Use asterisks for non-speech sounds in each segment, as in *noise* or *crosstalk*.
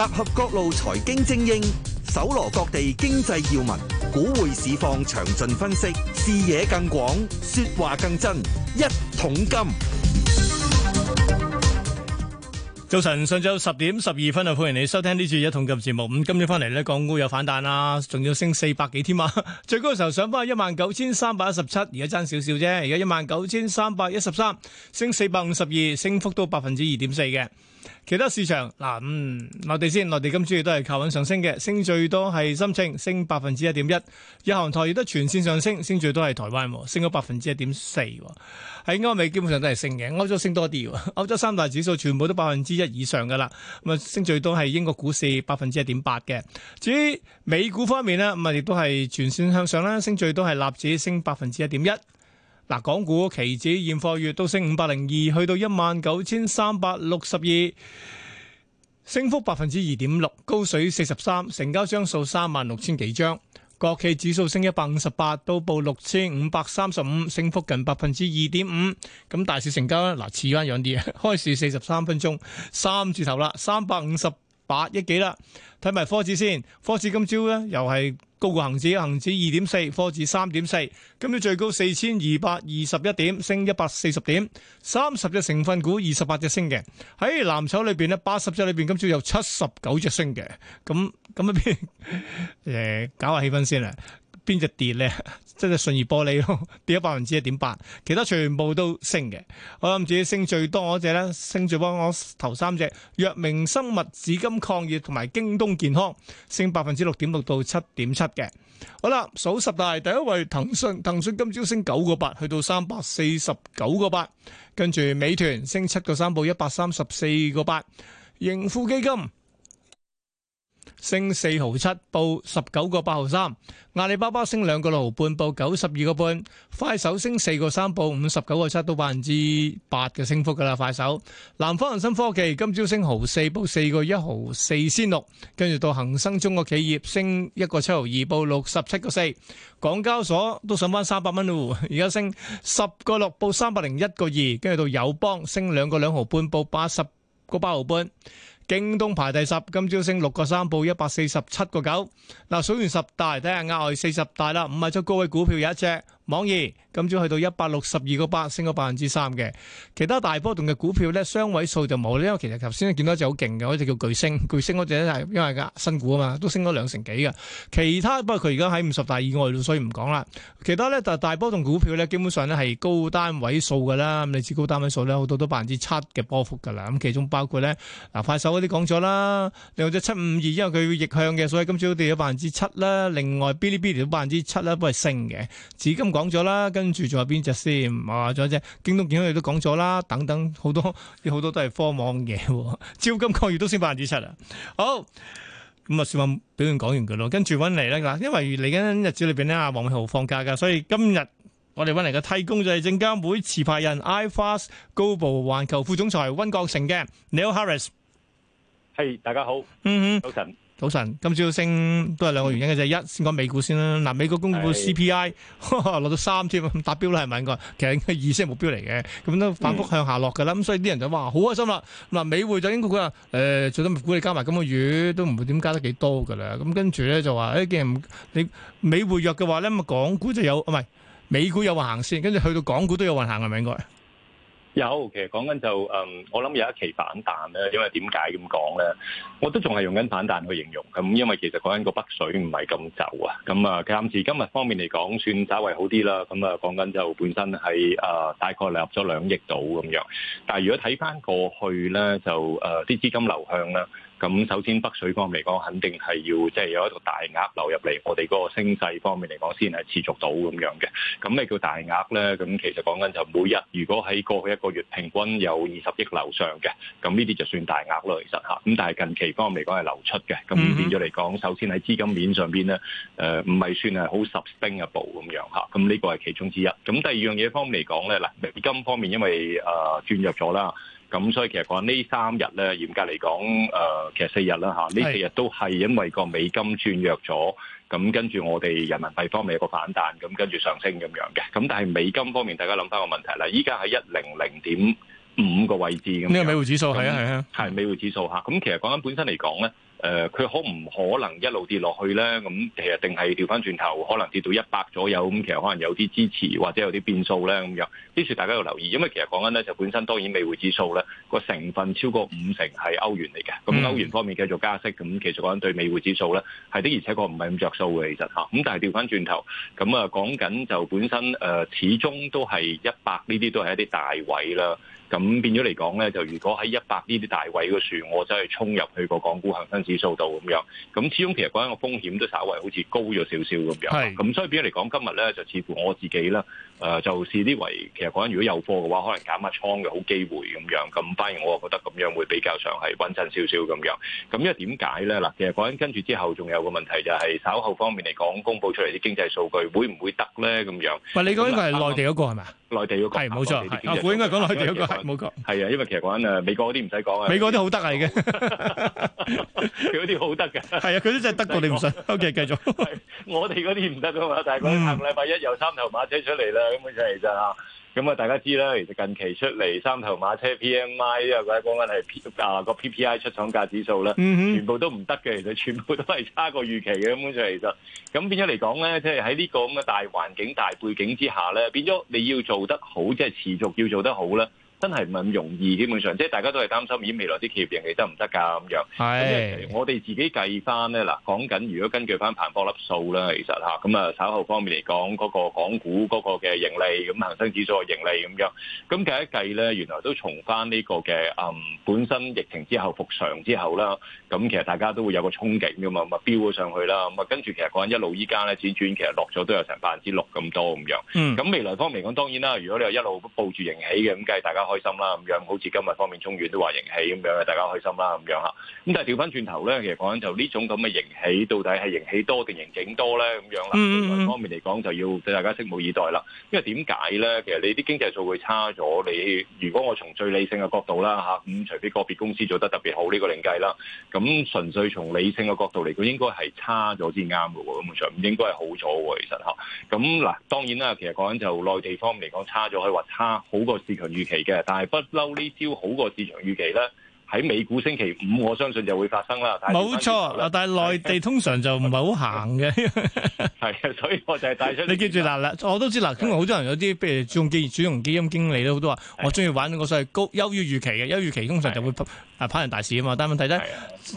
集合各路財經精英，搜羅各地經濟要聞，股匯市況詳盡分析，視野更廣，說話更真，一桶金。早晨，上晝十點十二分就歡迎你收聽呢次一桶金節目。咁今朝翻嚟咧，港股有反彈啦、啊，仲要升四百幾添啊！最高嘅時候上翻係一萬九千三百一十七，而家爭少少啫，而家一萬九千三百一十三，升四百五十二，升幅都百分之二點四嘅。其他市場嗱，嗯，內地先，內地今朝亦都係靠穩上升嘅，升最多係深證升百分之一點一，日韓台亦都全線上升，升最多係台灣，升咗百分之一點四。喺歐美基本上都係升嘅，歐洲升多啲、啊，歐洲三大指數全部都百分之。一以上噶啦，咁啊升最多係英國股市百分之一點八嘅。至於美股方面咧，咁啊亦都係全線向上啦，升最多係納指升百分之一點一。嗱，港股期指現貨月都升五百零二，去到一萬九千三百六十二，升幅百分之二點六，高水四十三，成交張數三萬六千幾張。國企指數升一百五十八到報六千五百三十五，升幅近百分之二點五。咁大市成交咧，嗱，似翻樣啲，開市四十三分鐘，三字頭啦，三百五十八億幾啦。睇埋科指先，科指今朝咧又係。高過恒指，恒指二點四，科指三點四，今朝最高四千二百二十一點，升一百四十點，三十隻成分股二十八隻升嘅，喺藍籌裏邊呢，八十隻裏邊，今朝有七十九隻升嘅，咁咁一邊，誒、嗯，搞下氣氛先啦。邊隻跌咧？即係信義玻璃咯，跌咗百分之一點八，其他全部都升嘅。我諗住升最多嗰隻咧，升最多我頭三隻：藥明生物、紫金礦業同埋京東健康，升百分之六點六到七點七嘅。好啦，數十大第一位，騰訊，騰訊今朝升九個八，去到三百四十九個八，跟住美團升七個三到一百三十四個八，盈富基金。升四毫七，報十九個八毫三。阿里巴巴升兩個六毫半，報九十二個半。快手升四個三，報五十九個七，到百分之八嘅升幅㗎喇。快手。南方恒生科技今朝升毫四，報四個一毫四先六。跟住到恒生中國企業升一個七毫二，報六十七個四。港交所都上返三百蚊咯，而家升十個六，報三百零一個二。跟住到友邦升兩個兩毫半，報八十個八毫半。京東排第十，今朝升六個三，報一百四十七個九。嗱，數完十大，睇下額外四十大啦，五十隻出高位股票有一隻。網易今朝去到一百六十二個八，升咗百分之三嘅。其他大波動嘅股票咧，雙位數就冇。因為其實頭先見到一隻好勁嘅，嗰隻叫巨升，巨升嗰隻呢，因為新股啊嘛，都升咗兩成幾嘅。其他，不過佢而家喺五十大以外，所以唔講啦。其他咧就大波動股票咧，基本上咧係高單位數噶啦。咁你知高單位數呢，好多都百分之七嘅波幅噶啦。咁其中包括咧，嗱，快手嗰啲講咗啦，另外七五二，因為佢逆向嘅，所以今朝跌咗百分之七啦。另外 Bilibili 都百分之七啦，都係升嘅。紫講咗啦，跟住仲有邊隻先啊？再者，京東健康佢都講咗啦，等等好多，有好多都係科網嘢，照今個月都升百分之七啦。好，咁啊，小運表現講完佢咯，跟住搵嚟咧嗱，因為嚟緊日子裏邊咧，阿黃偉豪放假噶，所以今日我哋搵嚟嘅替工就係證監會持牌人 iFAST Global 環球副總裁溫鋼城嘅 Neil Harris。係大家好，嗯嗯早晨。早晨，今朝升都係兩個原因嘅啫。嗯、一先講美股先啦，嗱，美國公布 C P I 的呵呵落到三千，達標啦，係咪？應該其實係預期目標嚟嘅，咁都反覆向下落噶啦。咁、嗯、所以啲人就話好開心啦。嗱，美匯就應該佢話誒，最多美股你加埋咁個月都唔會點加得幾多噶啦。咁跟住咧就話誒，既然、欸、你美匯弱嘅話咧，咁啊，港股就有唔係美股有運行先，跟住去到港股都有運行嘅，係咪？應該？有，其實講緊就誒，我諗有一期反彈咧，因為點解咁講咧？我都仲係用緊反彈去形容咁，因為其實講緊個北水唔係咁走啊。咁啊，暫時今日方面嚟講，算稍為好啲啦。咁啊，講緊就本身係誒大概納咗兩億度咁樣，但係如果睇翻過去咧，就誒啲資金流向啦。咁首先北水方面嚟講，肯定係要即係有一個大額流入嚟，我哋嗰個升勢方面嚟講，先係持續到咁樣嘅。咁咩叫大額咧？咁其實講緊就每日如果喺過去一個月平均有二十億流上嘅，咁呢啲就算大額咯。其實嚇，咁但係近期方面嚟講係流出嘅，咁變咗嚟講，首先喺資金面上邊咧，誒唔係算係好 sustainable 咁樣嚇。咁呢個係其中之一。咁第二樣嘢方面嚟講咧，嗱，美金方面因為誒轉、呃、入咗啦。咁所以其實講呢三日咧，嚴格嚟講，誒，其實四日啦嚇，呢四日都係因為個美金轉弱咗，咁跟住我哋人民幣方面有個反彈，咁跟住上升咁樣嘅。咁但係美金方面，大家諗翻個問題啦，依家喺一零零點五個位置咁。呢個美匯指數係啊，係啊，係美匯指數嚇。咁其實講緊本身嚟講咧。誒，佢、呃、可唔可能一路跌落去咧？咁其實定係調返轉頭，可能跌到一百左右咁，其實可能有啲支持或者有啲變數咧咁樣。呢啲事大家要留意，因為其實講緊咧就本身當然美匯指數咧個成分超過五成係歐元嚟嘅，咁歐元方面繼續加息，咁其實講緊對美匯指數咧係的，的，而且確唔係咁着數嘅其實嚇。咁、啊、但係調返轉頭，咁啊講緊就本身誒、呃，始終都係一百呢啲都係一啲大位啦。咁變咗嚟講咧，就如果喺一百呢啲大位嗰處，我真係衝入去個港股向指數度咁樣，咁始終其實講緊個風險都稍微好似高咗少少咁樣，咁是所以變咗嚟講，今日咧就似乎我自己啦，誒就視啲為其實講緊如果有貨嘅話，可能減下倉嘅好機會咁樣，咁反而我覺得咁樣會比較上係穩陣少少咁樣。咁因為點解咧？嗱，其實講緊跟住之後，仲有個問題就係稍後方面嚟講，公布出嚟啲經濟數據會唔會得咧？咁樣，唔你講呢個係內地嗰個係咪？內地嗰個係冇錯，阿古應該講內地嗰個係冇錯，係啊，因為其實講緊美國嗰啲唔使講啊，美國啲好得係嘅，佢啲好得嘅，係啊，佢啲真係得到你唔信。O K，繼續，我哋嗰啲唔得㗎嘛，但係佢下個禮拜一又三頭馬車出嚟啦，咁本就係就咁啊，大家知啦，其實近期出嚟三頭馬車 P M I 啊，或者講緊係啊個 P P I 出廠價指數啦，全部都唔得嘅，其實全部都係差過預期嘅咁樣，所以其實咁變咗嚟講咧，即係喺呢個咁嘅大環境、大背景之下咧，變咗你要做得好，即係持續要做得好啦。真係唔係咁容易，基本上即係大家都係擔心，而未來啲企業盈利得唔得㗎咁樣？係。我哋自己計翻咧，嗱，講緊如果根據翻彭博粒數啦，其實吓咁啊，稍後方面嚟講，嗰個港股嗰個嘅盈利，咁恒生指數嘅盈利咁樣，咁計一計咧，原來都重返呢個嘅誒本身疫情之後復常之後啦，咁其實大家都會有個憧憬㗎嘛，咁啊飆咗上去啦，咁啊跟住其實講一路依家咧，只專其實落咗都有成百分之六咁多咁樣。咁未來方面講，當然啦，如果你話一路報住盈起嘅，咁梗係大家開心啦咁樣，好似今日方面中原都話迎起咁樣，大家開心啦咁樣吓，咁但係調翻轉頭咧，其實講緊就呢種咁嘅迎起，到底係迎起多定迎景多咧咁樣啦？另方面嚟講，就要對大家拭目以待啦。因為點解咧？其實你啲經濟數會差咗，你如果我從最理性嘅角度啦吓，咁除非個別公司做得特別好呢、呢個另計啦。咁純粹從理性嘅角度嚟講，應該係差咗先啱喎。咁完全唔應該係好咗喎，其實吓，咁嗱，當然啦，其實講緊就內地方嚟講差咗，可以話差好過市場預期嘅。但係不嬲呢招好過市場預期啦。喺美股星期五，我相信就會發生啦。冇錯啦，但係內地通常就唔係好行嘅，係 *laughs* *laughs* *laughs* 所以我就係帶出。你記住啦，啦，我都知啦。因為好多人有啲，譬如轉基轉融基金經理都好多話是我中意玩個所謂高優於預期嘅，優於預期通常就會啊跑人大市啊嘛。是但係問題咧，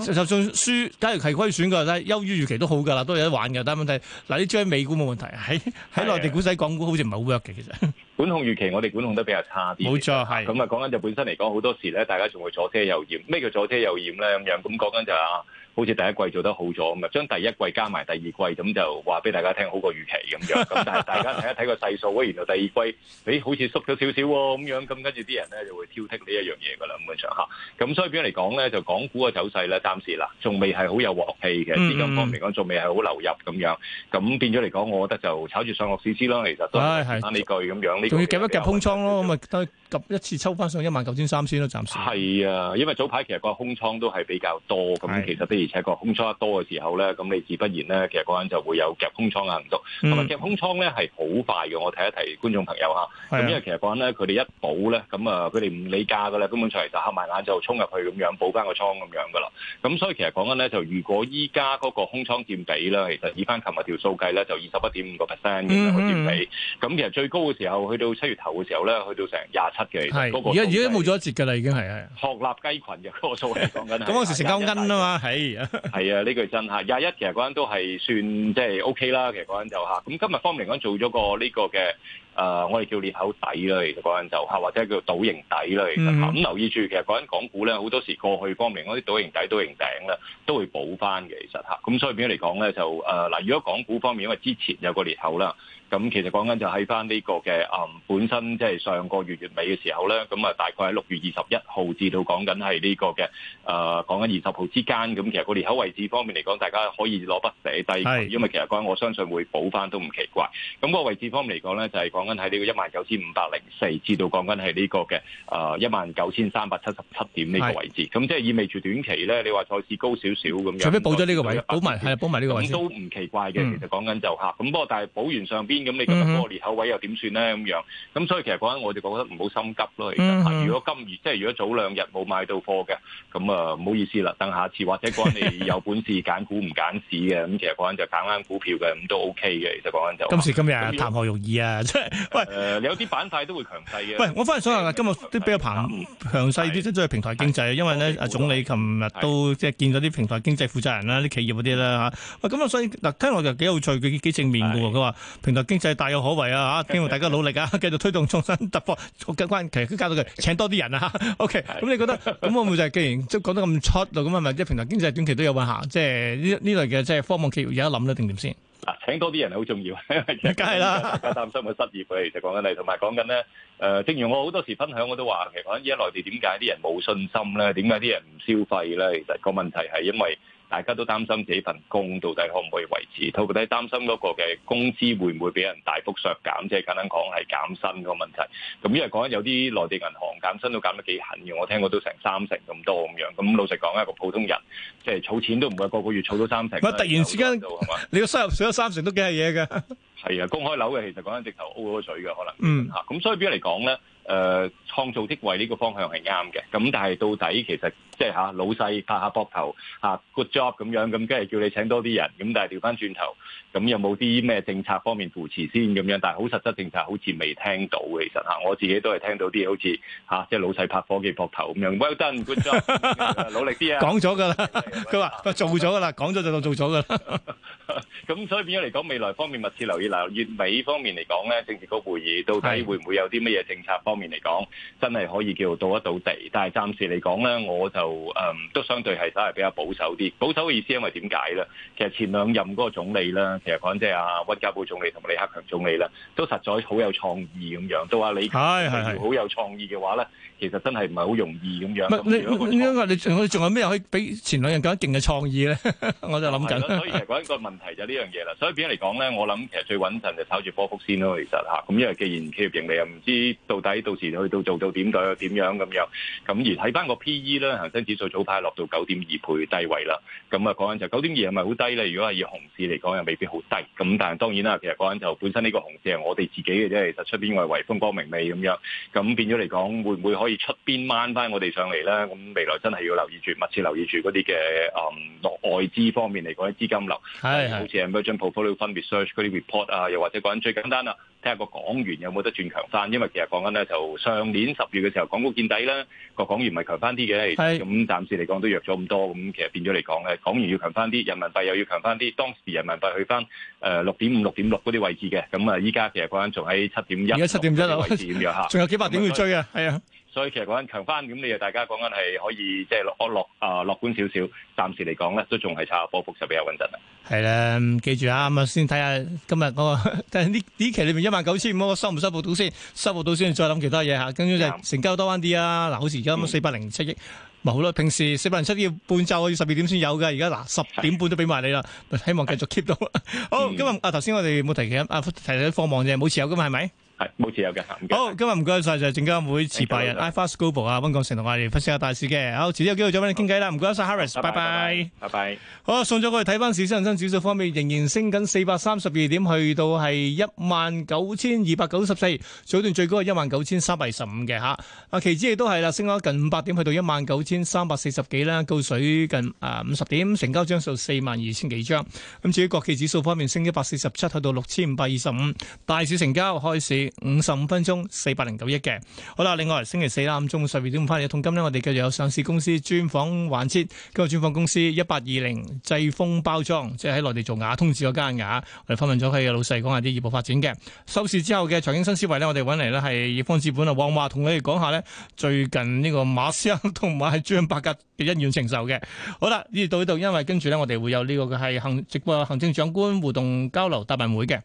就算輸，假如係虧損嘅話，啦。優於預期都好噶啦，都有得玩嘅。但係問題嗱，你追美股冇問題，喺喺內地股仔、港股好似唔係好 work 嘅。其實管控預期，我哋管控得比較差啲。冇錯，係咁啊，講緊就本身嚟講，好多時咧，大家仲會坐車又。咩叫左遮右掩咧？咁樣咁講緊就啊、係。好似第一季做得好咗咁啊，將第一季加埋第二季咁就話俾大家聽好過預期咁樣。咁但係大家睇一睇個細數喂，原來第二季咦、哎、好似縮咗少少喎咁樣。咁跟住啲人咧就會挑剔呢一樣嘢㗎啦。咁嘅場合，咁所以變咗嚟講咧，就港股嘅走勢咧，暫時啦，仲未係好有鑊氣嘅。資金方面嚟講，仲未係好流入咁、嗯嗯、樣。咁變咗嚟講，我覺得就炒住上落試試咯。其實都係講呢句咁樣。仲是要夾一夾空倉咯，咁時一,一次抽翻上一萬九千三先咯，暫時。係啊，因為早排其實個空倉都係比較多咁，其實而且個空倉多嘅時候咧，咁你自不然咧，其實嗰陣就會有夾空倉嘅行動。咁啊，夾空倉咧係好快嘅。我提一提觀眾朋友嚇，咁因為其實講緊咧，佢哋一補咧，咁啊佢哋唔理價㗎啦，根本上嚟就合埋眼就衝入去咁樣補翻個倉咁樣㗎啦。咁所以其實講緊咧，就如果依家嗰個空倉佔比咧，其實以翻琴日條數計咧，就二十一點五個 percent 嘅佔比。咁其實最高嘅時候去到七月頭嘅時候咧，去到成廿七嘅。係，而家而家冇咗一截㗎啦，已經係係。鶴立雞羣嘅個數係講緊。咁嗰時成交奀啊嘛，唉。係啊，呢句真吓，廿一其實嗰陣都係算即係 OK 啦，其實嗰陣就吓，咁今日方面嚟講，做咗個呢個嘅。啊！Uh, 我哋叫裂口底啦，其實講就嚇，或者叫倒形底啦，其實咁留意住。其實講緊港股咧，好多時過去方面嗰啲倒形底、倒形頂咧，都會補翻嘅。其實咁，所以變咗嚟講咧就誒嗱、呃，如果港股方面，因為之前有個裂口啦，咁其實講緊就喺翻呢個嘅誒本身，即係上個月月尾嘅時候咧，咁啊大概喺六月二十一號至到講緊係呢個嘅誒講緊二十號之間。咁其實個裂口位置方面嚟講，大家可以攞筆寫低，的因為其實講緊我相信會補翻都唔奇怪。咁個位置方面嚟講咧，就係講。係呢、這個一萬九千五百零四，至到講緊係呢個嘅誒一萬九千三百七十七點呢個位置，咁是即係意味住短期咧，你話再次高少少咁樣，除非補咗呢個位，補埋係補埋呢個位都唔奇怪嘅。嗯、其實講緊就吓，咁不過但係補完上邊咁，你覺得嗰個裂口位又點算咧？咁樣咁，所以其實講緊我哋覺得唔好心急咯。嗯、哼如果今即係如果早兩日冇買到貨嘅，咁啊唔好意思啦，等下次或者講你有本事揀 *laughs* 股唔揀市嘅，咁其實講緊就揀啱股票嘅，咁都 OK 嘅。其實講緊就、OK、就今時今日談何容易啊！ *laughs* 喂，誒，有啲板塊都會強勢嘅。喂，我反而想話今日都比較強強勢啲，即係平台經濟。因為咧，阿總理琴日都即係見咗啲平台經濟負責人啦，啲企業嗰啲啦吓。咁啊，所以嗱，聽落就幾好，趣幾幾正面噶。佢話平台經濟大有可為啊，吓，希望大家努力啊，繼續推動創新突破。咁關其實佢教到佢，請多啲人啊。OK，咁你覺得咁會唔會就係既然即係講得咁出度咁啊？咪即係平台經濟短期都有運行，即係呢呢類嘅即係科網企業有得諗定點先？請多啲人係好重要，梗係啦，更擔心佢失業。其實講緊你同埋講緊咧，誒， *laughs* 正如我好多時分享，我都話其實依家內地點解啲人冇信心咧？點解啲人唔消費咧？其實,其實個問題係因為。大家都擔心自己份工到底可唔可以維持，包括都擔心嗰個嘅工資會唔會俾人大幅削減，即係簡單講係減薪個問題。咁因為講緊有啲內地銀行減薪都減得幾狠嘅，我聽過都成三成咁多咁樣。咁老實講，一個普通人即係儲錢都唔會個個月儲到三成。突然之間，你個收入少咗三成都幾係嘢㗎。係 *laughs* 啊，供開樓嘅其實講緊直頭 O 咗嘴嘅可能。嗯，咁所以邊個嚟講咧？誒創造職位呢個方向係啱嘅，咁但係到底其實即係嚇老細拍下膊頭嚇 good job 咁樣，咁梗係叫你請多啲人。咁但係調翻轉頭，咁有冇啲咩政策方面扶持先咁樣？但係好實質政策好似未聽到，其實嚇我自己都係聽到啲嘢，好似嚇即係老細拍科技膊頭咁樣，well done good job，努力啲啊！講咗㗎啦，佢話做咗㗎啦，講咗就當做咗㗎啦。咁所以變咗嚟講，未來方面密切留意。嗱，月尾方面嚟講咧，政治局會議到底會唔會有啲乜嘢政策？方面嚟講，真係可以叫到一到地，但係暫時嚟講咧，我就誒、嗯、都相對係稍為比較保守啲。保守嘅意思，因為點解咧？其實前兩任嗰個總理啦，其實講即係阿温家寶總理同李克強總理啦，都實在好有創意咁樣。都話你係要好有創意嘅話咧，其實真係唔係好容易咁不樣。唔你點解你仲有咩可以比前兩任更加勁嘅創意咧？ *laughs* 我就諗緊。所以係講一個問題, *laughs* 呢個問題就係呢樣嘢啦。所以變咗嚟講咧，我諗其實最穩陣就守住波幅先咯。其實嚇咁，因為既然企業盈利又唔知到底。到時去到做到點度點樣咁樣，樣，咁而睇翻個 P/E 咧，恒生指數早排落到九點二倍低位啦。咁啊講緊就九點二係咪好低咧？如果係以熊市嚟講，又未必好低。咁但係當然啦，其實講緊就本身呢個熊市係我哋自己嘅啫。其實出邊為為風光明媚咁樣，咁變咗嚟講，會唔會可以出邊掹翻我哋上嚟咧？咁未來真係要留意住，密切留意住嗰啲嘅誒外資方面嚟講啲資金流，係係好似阿 Emerging Portfolio Fund Research 嗰啲 report 啊，又或者講緊最簡單啦，聽下個港元有冇得轉強翻。因為其實講緊咧。就上年十月嘅時候，港股見底啦，個港元唔係強翻啲嘅。咁是暫時嚟講都弱咗咁多，咁其實變咗嚟講嘅，港元要強翻啲，人民幣又要強翻啲，當時人民幣去翻誒六點五、六點六嗰啲位置嘅，咁啊依家其實講緊仲喺七點一，而家七點一啊，位置點樣嚇？仲 *laughs* 有幾百點去追啊，係啊、就是！所以其實講緊強翻，咁你又大家講緊係可以即係樂樂啊樂觀少少，暫時嚟講咧都仲係差波幅就比較穩陣啦。係咧，記住啊，咁啊先睇下今日嗰個，但係呢呢期裏邊一萬九千五，我收唔收報到先，收報到先再諗其他嘢嚇。跟住就成交多翻啲啊！嗱，好似而家咁四百零七億，咪好咯。平時四百零七億半晝要十二點先有嘅，而家嗱十點半都俾埋你啦。希望繼續 keep 到。好，今日啊頭先我哋冇提起，啊提佢放望啫，冇持有嘅嘛係咪？係冇持有嘅，好，今日唔該晒，就係證監會持牌人 Ivan Scovell 啊，溫鋼城同我哋分析下大市嘅，好，遲啲有機會再畀你傾偈啦，唔該曬，Harris，拜拜，拜拜。好，送咗過去睇翻市，恒生指數方面仍然升緊，四百三十二點去到係一萬九千二百九十四，早段最高係一萬九千三百二十五嘅嚇。啊，期指亦都係啦，升咗近五百點去到一萬九千三百四十幾啦，高水近啊五十點，成交張數四萬二千幾張，咁至於國企指數方面升一百四十七，去到六千五百二十五，大市成交開市。五十五分鐘，四百零九億嘅。好啦，另外星期四啦，中午十二點翻嚟，同今日呢我哋繼續有上市公司專訪環節。今日專訪公司一八二零濟豐包裝，即係喺內地做瓦通紙嗰間瓦。我哋訪問咗佢嘅老細，講下啲業務發展嘅。收市之後嘅財經新思維呢，我哋揾嚟呢係葉方資本啊，王華同佢哋講下呢，最近呢個馬斯克同埋係張伯格嘅恩怨情仇嘅。好啦，呢到呢度，因為跟住呢，我哋會有呢個嘅係行直播行政長官互動交流答問會嘅。